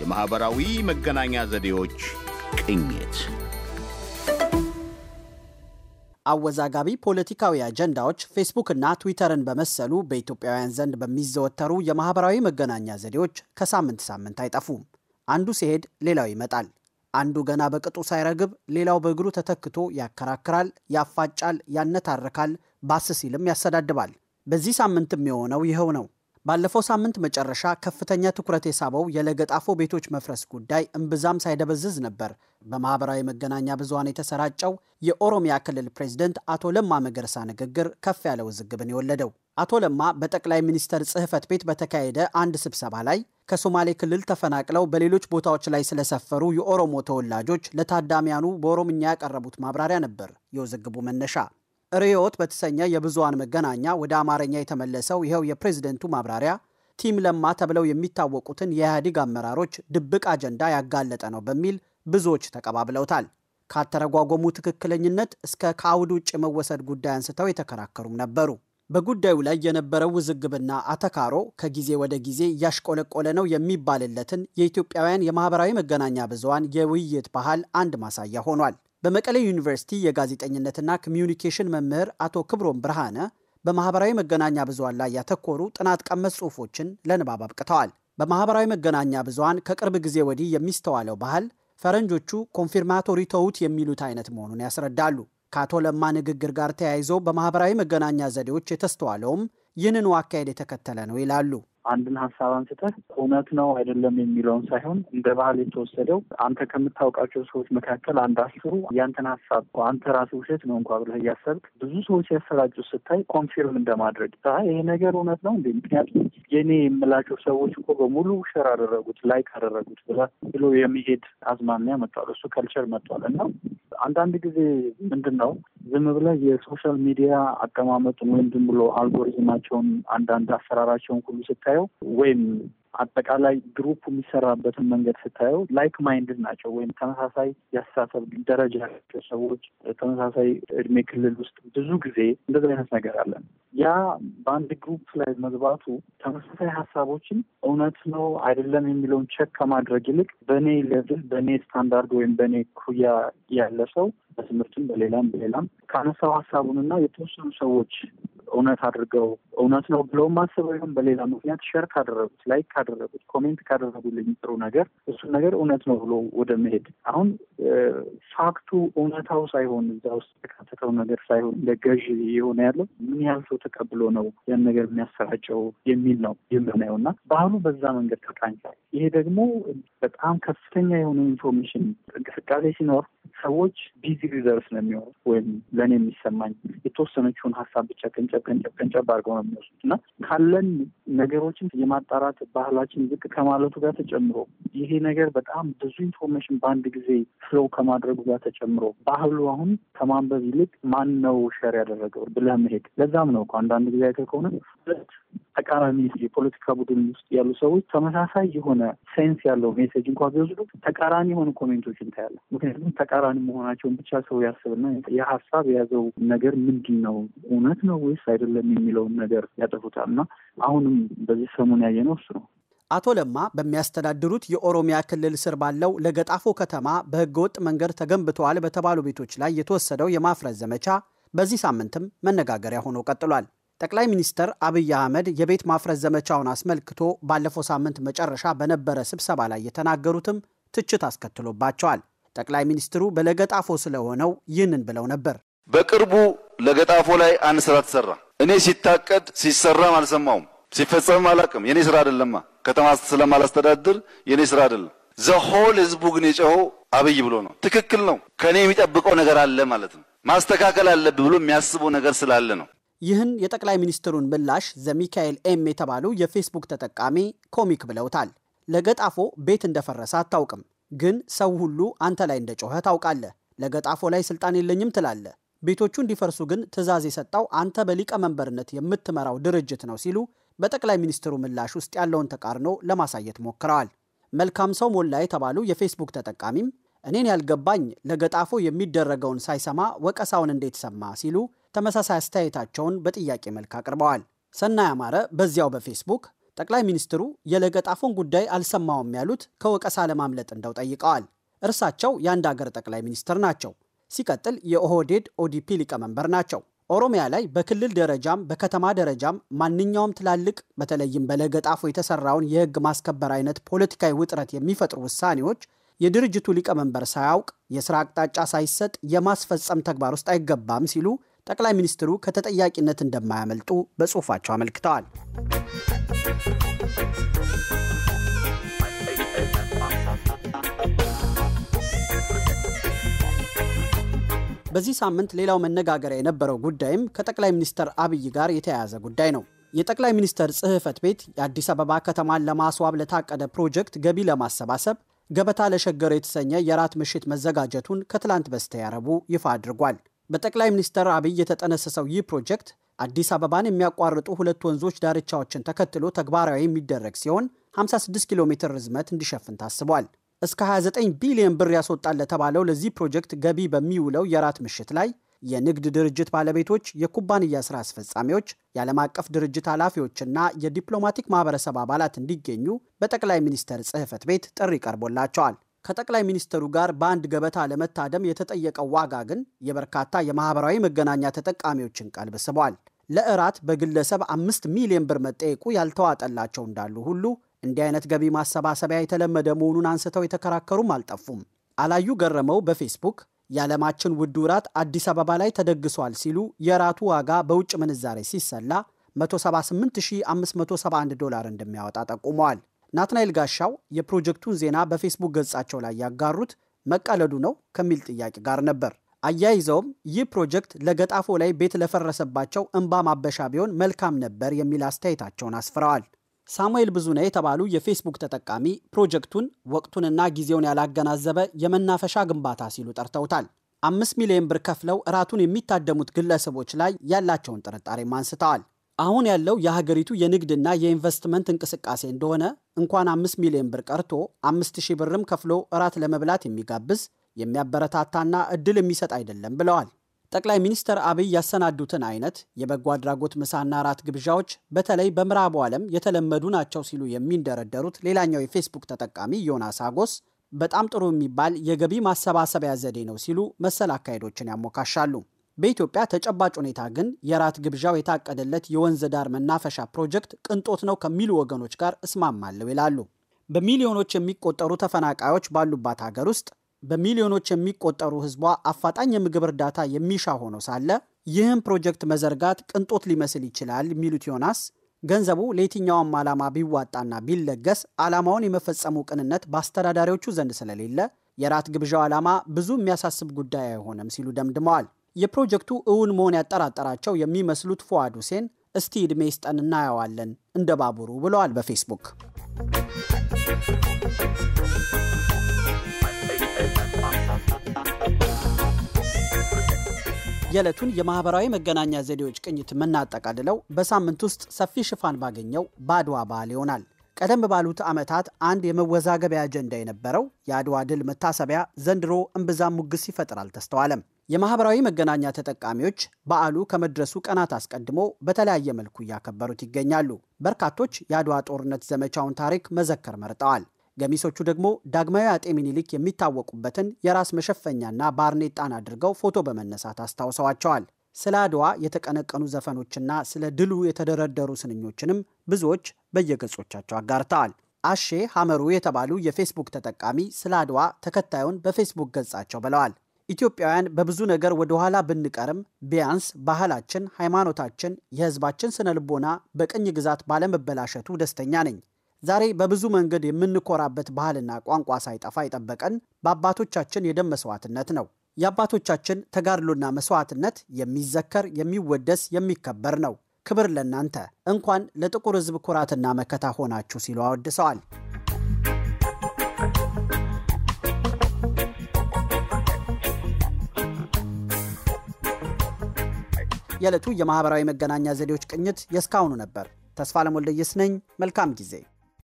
የማኅበራዊ መገናኛ ዘዴዎች ቅኝት አወዛጋቢ ፖለቲካዊ አጀንዳዎች ፌስቡክና ትዊተርን በመሰሉ በኢትዮጵያውያን ዘንድ በሚዘወተሩ የማኅበራዊ መገናኛ ዘዴዎች ከሳምንት ሳምንት አይጠፉም። አንዱ ሲሄድ ሌላው ይመጣል። አንዱ ገና በቅጡ ሳይረግብ ሌላው በእግሩ ተተክቶ ያከራክራል፣ ያፋጫል፣ ያነታርካል፣ ባስ ሲልም ያሰዳድባል። በዚህ ሳምንትም የሆነው ይኸው ነው። ባለፈው ሳምንት መጨረሻ ከፍተኛ ትኩረት የሳበው የለገጣፎ ቤቶች መፍረስ ጉዳይ እምብዛም ሳይደበዝዝ ነበር በማህበራዊ መገናኛ ብዙሃን የተሰራጨው የኦሮሚያ ክልል ፕሬዝደንት አቶ ለማ መገርሳ ንግግር ከፍ ያለ ውዝግብን የወለደው። አቶ ለማ በጠቅላይ ሚኒስተር ጽህፈት ቤት በተካሄደ አንድ ስብሰባ ላይ ከሶማሌ ክልል ተፈናቅለው በሌሎች ቦታዎች ላይ ስለሰፈሩ የኦሮሞ ተወላጆች ለታዳሚያኑ በኦሮምኛ ያቀረቡት ማብራሪያ ነበር የውዝግቡ መነሻ። ርዕዮት በተሰኘ የብዙሃን መገናኛ ወደ አማርኛ የተመለሰው ይኸው የፕሬዝደንቱ ማብራሪያ ቲም ለማ ተብለው የሚታወቁትን የኢህአዴግ አመራሮች ድብቅ አጀንዳ ያጋለጠ ነው በሚል ብዙዎች ተቀባብለውታል። ካተረጓጎሙ ትክክለኝነት እስከ ከአውድ ውጭ መወሰድ ጉዳይ አንስተው የተከራከሩም ነበሩ። በጉዳዩ ላይ የነበረው ውዝግብና አተካሮ ከጊዜ ወደ ጊዜ እያሽቆለቆለ ነው የሚባልለትን የኢትዮጵያውያን የማህበራዊ መገናኛ ብዙሃን የውይይት ባህል አንድ ማሳያ ሆኗል። በመቀሌ ዩኒቨርሲቲ የጋዜጠኝነትና ኮሚዩኒኬሽን መምህር አቶ ክብሮም ብርሃነ በማህበራዊ መገናኛ ብዙሃን ላይ ያተኮሩ ጥናት ቀመስ ጽሑፎችን ለንባብ አብቅተዋል። በማህበራዊ መገናኛ ብዙሃን ከቅርብ ጊዜ ወዲህ የሚስተዋለው ባህል ፈረንጆቹ ኮንፊርማቶሪ ተውት የሚሉት አይነት መሆኑን ያስረዳሉ። ከአቶ ለማ ንግግር ጋር ተያይዞ በማህበራዊ መገናኛ ዘዴዎች የተስተዋለውም ይህንኑ አካሄድ የተከተለ ነው ይላሉ። አንድን ሀሳብ አንስተህ እውነት ነው አይደለም የሚለውን ሳይሆን እንደ ባህል የተወሰደው አንተ ከምታውቃቸው ሰዎች መካከል አንድ አስሩ ያንተን ሀሳብ አንተ ራስህ ውሸት ነው እንኳ ብለህ እያሰብክ ብዙ ሰዎች ያሰራጩ ስታይ ኮንፊርም እንደማድረግ ይሄ ነገር እውነት ነው እንዴ? ምክንያቱም የኔ የምላቸው ሰዎች እኮ በሙሉ ሸር አደረጉት፣ ላይክ አደረጉት ብለህ ብሎ የሚሄድ አዝማሚያ መጥቷል። እሱ ከልቸር መጥቷል እና አንዳንድ ጊዜ ምንድን ነው ዝም ብለህ የሶሻል ሚዲያ አቀማመጡን ወይም ዝም ብሎ አልጎሪዝማቸውን አንዳንድ አሰራራቸውን ሁሉ ስታይ ስታየው ወይም አጠቃላይ ግሩፕ የሚሰራበትን መንገድ ስታየው ላይክ ማይንድድ ናቸው ወይም ተመሳሳይ የአስተሳሰብ ደረጃ ያላቸው ሰዎች ተመሳሳይ እድሜ ክልል ውስጥ ብዙ ጊዜ እንደዚህ አይነት ነገር አለን። ያ በአንድ ግሩፕ ላይ መግባቱ ተመሳሳይ ሀሳቦችን እውነት ነው አይደለም የሚለውን ቸክ ከማድረግ ይልቅ በእኔ ሌቭል በእኔ ስታንዳርድ ወይም በእኔ ኩያ ያለ ሰው በትምህርትም በሌላም በሌላም ካነሳው ሀሳቡንና የተወሰኑ ሰዎች እውነት አድርገው እውነት ነው ብለው አስበው ይሁን በሌላ ምክንያት ሸር ካደረጉት፣ ላይክ ካደረጉት፣ ኮሜንት ካደረጉልኝ ጥሩ ነገር እሱን ነገር እውነት ነው ብሎ ወደ መሄድ አሁን ፋክቱ እውነታው ሳይሆን እዛ ውስጥ የተካተተው ነገር ሳይሆን እንደ ገዥ የሆነ ያለው ምን ያህል ሰው ተቀብሎ ነው ያን ነገር የሚያሰራጨው የሚል ነው የምናየው እና ባህሉ በዛ መንገድ ተቃኝቷል። ይሄ ደግሞ በጣም ከፍተኛ የሆነ ኢንፎርሜሽን እንቅስቃሴ ሲኖር ሰዎች ቢዚ ሪዘርቭ ነው የሚሆኑ ወይም ለእኔ የሚሰማኝ የተወሰነችውን ሀሳብ ብቻ ቀንጨብ ቀንጨብ ቀንጨብ አድርገው ነው የሚወስዱት እና ካለን ነገሮችን የማጣራት ባህላችን ዝቅ ከማለቱ ጋር ተጨምሮ ይሄ ነገር በጣም ብዙ ኢንፎርሜሽን በአንድ ጊዜ ፍሎው ከማድረጉ ጋር ተጨምሮ ባህሉ አሁን ከማንበብ ይልቅ ማን ነው ሸር ያደረገው ብለህ መሄድ ለዛም ነው አንዳንድ ጊዜ አይተህ ከሆነ ተቃራኒ የፖለቲካ ቡድን ውስጥ ያሉ ሰዎች ተመሳሳይ የሆነ ሴንስ ያለው ሜሴጅ እንኳ ቢወስዱ ተቃራኒ የሆኑ ኮሜንቶች እንታያለን። ምክንያቱም ተቃራኒ መሆናቸውን ብቻ ሰው ያስብና የሀሳብ የያዘው ነገር ምንድን ነው እውነት ነው ወይስ አይደለም የሚለውን ነገር ያጠፉታል እና አሁንም በዚህ ሰሞን ያየነው እሱ ነው። አቶ ለማ በሚያስተዳድሩት የኦሮሚያ ክልል ስር ባለው ለገጣፎ ከተማ በህገወጥ መንገድ ተገንብተዋል በተባሉ ቤቶች ላይ የተወሰደው የማፍረስ ዘመቻ በዚህ ሳምንትም መነጋገሪያ ሆኖ ቀጥሏል። ጠቅላይ ሚኒስትር አብይ አህመድ የቤት ማፍረስ ዘመቻውን አስመልክቶ ባለፈው ሳምንት መጨረሻ በነበረ ስብሰባ ላይ የተናገሩትም ትችት አስከትሎባቸዋል። ጠቅላይ ሚኒስትሩ በለገጣፎ ስለሆነው ይህንን ብለው ነበር። በቅርቡ ለገጣፎ ላይ አንድ ስራ ተሰራ። እኔ ሲታቀድ ሲሰራም አልሰማውም፣ ሲፈጸምም አላቅም። የኔ ስራ አይደለማ፣ ከተማ ስለማላስተዳድር የኔ ስራ አይደለም። ዘሆል ህዝቡ ግን የጨሆ አብይ ብሎ ነው። ትክክል ነው። ከእኔ የሚጠብቀው ነገር አለ ማለት ነው። ማስተካከል አለብህ ብሎ የሚያስበው ነገር ስላለ ነው። ይህን የጠቅላይ ሚኒስትሩን ምላሽ ዘሚካኤል ኤም የተባሉ የፌስቡክ ተጠቃሚ ኮሚክ ብለውታል። ለገጣፎ ቤት እንደፈረሰ አታውቅም፣ ግን ሰው ሁሉ አንተ ላይ እንደጮኸ ታውቃለህ። ለገጣፎ ላይ ስልጣን የለኝም ትላለ ቤቶቹ እንዲፈርሱ ግን ትዕዛዝ የሰጠው አንተ በሊቀመንበርነት የምትመራው ድርጅት ነው ሲሉ በጠቅላይ ሚኒስትሩ ምላሽ ውስጥ ያለውን ተቃርኖ ለማሳየት ሞክረዋል። መልካም ሰው ሞላ የተባሉ የፌስቡክ ተጠቃሚም እኔን ያልገባኝ ለገጣፎ የሚደረገውን ሳይሰማ ወቀሳውን እንዴት ሰማ ሲሉ ተመሳሳይ አስተያየታቸውን በጥያቄ መልክ አቅርበዋል። ሰናይ አማረ በዚያው በፌስቡክ ጠቅላይ ሚኒስትሩ የለገጣፎን ጉዳይ አልሰማውም ያሉት ከወቀሳ ለማምለጥ እንደው ጠይቀዋል። እርሳቸው የአንድ አገር ጠቅላይ ሚኒስትር ናቸው። ሲቀጥል የኦህዴድ ኦዲፒ ሊቀመንበር ናቸው። ኦሮሚያ ላይ በክልል ደረጃም በከተማ ደረጃም ማንኛውም ትላልቅ በተለይም በለገጣፎ የተሰራውን የህግ ማስከበር አይነት ፖለቲካዊ ውጥረት የሚፈጥሩ ውሳኔዎች የድርጅቱ ሊቀመንበር ሳያውቅ የስራ አቅጣጫ ሳይሰጥ የማስፈጸም ተግባር ውስጥ አይገባም ሲሉ ጠቅላይ ሚኒስትሩ ከተጠያቂነት እንደማያመልጡ በጽሁፋቸው አመልክተዋል። በዚህ ሳምንት ሌላው መነጋገሪያ የነበረው ጉዳይም ከጠቅላይ ሚኒስትር አብይ ጋር የተያያዘ ጉዳይ ነው። የጠቅላይ ሚኒስትር ጽህፈት ቤት የአዲስ አበባ ከተማን ለማስዋብ ለታቀደ ፕሮጀክት ገቢ ለማሰባሰብ ገበታ ለሸገር የተሰኘ የራት ምሽት መዘጋጀቱን ከትላንት በስቲያ ረቡዕ ይፋ አድርጓል። በጠቅላይ ሚኒስትር አብይ የተጠነሰሰው ይህ ፕሮጀክት አዲስ አበባን የሚያቋርጡ ሁለት ወንዞች ዳርቻዎችን ተከትሎ ተግባራዊ የሚደረግ ሲሆን 56 ኪሎ ሜትር ርዝመት እንዲሸፍን ታስቧል። እስከ 29 ቢሊዮን ብር ያስወጣል ለተባለው ለዚህ ፕሮጀክት ገቢ በሚውለው የራት ምሽት ላይ የንግድ ድርጅት ባለቤቶች፣ የኩባንያ ስራ አስፈጻሚዎች፣ የዓለም አቀፍ ድርጅት ኃላፊዎችና የዲፕሎማቲክ ማኅበረሰብ አባላት እንዲገኙ በጠቅላይ ሚኒስትር ጽህፈት ቤት ጥሪ ቀርቦላቸዋል። ከጠቅላይ ሚኒስትሩ ጋር በአንድ ገበታ ለመታደም የተጠየቀው ዋጋ ግን የበርካታ የማህበራዊ መገናኛ ተጠቃሚዎችን ቀልብ ስቧል። ለእራት በግለሰብ አምስት ሚሊዮን ብር መጠየቁ ያልተዋጠላቸው እንዳሉ ሁሉ እንዲህ አይነት ገቢ ማሰባሰቢያ የተለመደ መሆኑን አንስተው የተከራከሩም አልጠፉም። አላዩ ገረመው በፌስቡክ የዓለማችን ውድ እራት አዲስ አበባ ላይ ተደግሷል ሲሉ የእራቱ ዋጋ በውጭ ምንዛሬ ሲሰላ 178571 ዶላር እንደሚያወጣ ጠቁመዋል። ናትናኤል ጋሻው የፕሮጀክቱን ዜና በፌስቡክ ገጻቸው ላይ ያጋሩት መቀለዱ ነው ከሚል ጥያቄ ጋር ነበር። አያይዘውም ይህ ፕሮጀክት ለገጣፎ ላይ ቤት ለፈረሰባቸው እንባ ማበሻ ቢሆን መልካም ነበር የሚል አስተያየታቸውን አስፍረዋል። ሳሙኤል ብዙነ የተባሉ የፌስቡክ ተጠቃሚ ፕሮጀክቱን ወቅቱንና ጊዜውን ያላገናዘበ የመናፈሻ ግንባታ ሲሉ ጠርተውታል። አምስት ሚሊዮን ብር ከፍለው እራቱን የሚታደሙት ግለሰቦች ላይ ያላቸውን ጥርጣሬም አንስተዋል። አሁን ያለው የሀገሪቱ የንግድና የኢንቨስትመንት እንቅስቃሴ እንደሆነ እንኳን አምስት ሚሊዮን ብር ቀርቶ አምስት ሺህ ብርም ከፍሎ እራት ለመብላት የሚጋብዝ የሚያበረታታና እድል የሚሰጥ አይደለም ብለዋል። ጠቅላይ ሚኒስትር አብይ ያሰናዱትን አይነት የበጎ አድራጎት ምሳና እራት ግብዣዎች በተለይ በምዕራቡ ዓለም የተለመዱ ናቸው ሲሉ የሚንደረደሩት ሌላኛው የፌስቡክ ተጠቃሚ ዮናስ አጎስ በጣም ጥሩ የሚባል የገቢ ማሰባሰቢያ ዘዴ ነው ሲሉ መሰል አካሄዶችን ያሞካሻሉ። በኢትዮጵያ ተጨባጭ ሁኔታ ግን የራት ግብዣው የታቀደለት የወንዝ ዳር መናፈሻ ፕሮጀክት ቅንጦት ነው ከሚሉ ወገኖች ጋር እስማማለሁ ይላሉ። በሚሊዮኖች የሚቆጠሩ ተፈናቃዮች ባሉባት ሀገር ውስጥ በሚሊዮኖች የሚቆጠሩ ሕዝቧ አፋጣኝ የምግብ እርዳታ የሚሻ ሆኖ ሳለ ይህም ፕሮጀክት መዘርጋት ቅንጦት ሊመስል ይችላል የሚሉት ዮናስ ገንዘቡ ለየትኛውም ዓላማ ቢዋጣና ቢለገስ ዓላማውን የመፈጸሙ ቅንነት በአስተዳዳሪዎቹ ዘንድ ስለሌለ የራት ግብዣው ዓላማ ብዙ የሚያሳስብ ጉዳይ አይሆንም ሲሉ ደምድመዋል። የፕሮጀክቱ እውን መሆን ያጠራጠራቸው የሚመስሉት ፎዋድ ሁሴን እስቲ ዕድሜ ይስጠን እናየዋለን እንደ ባቡሩ ብለዋል በፌስቡክ። የዕለቱን የማኅበራዊ መገናኛ ዘዴዎች ቅኝት የምናጠቃልለው በሳምንት ውስጥ ሰፊ ሽፋን ባገኘው በአድዋ በዓል ይሆናል። ቀደም ባሉት ዓመታት አንድ የመወዛገቢያ አጀንዳ የነበረው የአድዋ ድል መታሰቢያ ዘንድሮ እምብዛም ሙግስ ይፈጥር አልተስተዋለም። የማህበራዊ መገናኛ ተጠቃሚዎች በዓሉ ከመድረሱ ቀናት አስቀድሞ በተለያየ መልኩ እያከበሩት ይገኛሉ። በርካቶች የአድዋ ጦርነት ዘመቻውን ታሪክ መዘከር መርጠዋል። ገሚሶቹ ደግሞ ዳግማዊ አጤ ምኒልክ የሚታወቁበትን የራስ መሸፈኛና ባርኔጣን አድርገው ፎቶ በመነሳት አስታውሰዋቸዋል። ስለ አድዋ የተቀነቀኑ ዘፈኖችና ስለ ድሉ የተደረደሩ ስንኞችንም ብዙዎች በየገጾቻቸው አጋርተዋል። አሼ ሐመሩ የተባሉ የፌስቡክ ተጠቃሚ ስለ አድዋ ተከታዩን በፌስቡክ ገጻቸው ብለዋል። ኢትዮጵያውያን በብዙ ነገር ወደ ኋላ ብንቀርም ቢያንስ ባህላችን፣ ሃይማኖታችን፣ የህዝባችን ስነ ልቦና በቅኝ ግዛት ባለመበላሸቱ ደስተኛ ነኝ። ዛሬ በብዙ መንገድ የምንኮራበት ባህልና ቋንቋ ሳይጠፋ የጠበቀን በአባቶቻችን የደም መስዋዕትነት ነው። የአባቶቻችን ተጋድሎና መስዋዕትነት የሚዘከር፣ የሚወደስ፣ የሚከበር ነው። ክብር ለእናንተ! እንኳን ለጥቁር ህዝብ ኩራትና መከታ ሆናችሁ ሲሉ አወድሰዋል። የዕለቱ የማኅበራዊ መገናኛ ዘዴዎች ቅኝት የእስካሁኑ ነበር። ተስፋ ለሞልደየስ ነኝ። መልካም ጊዜ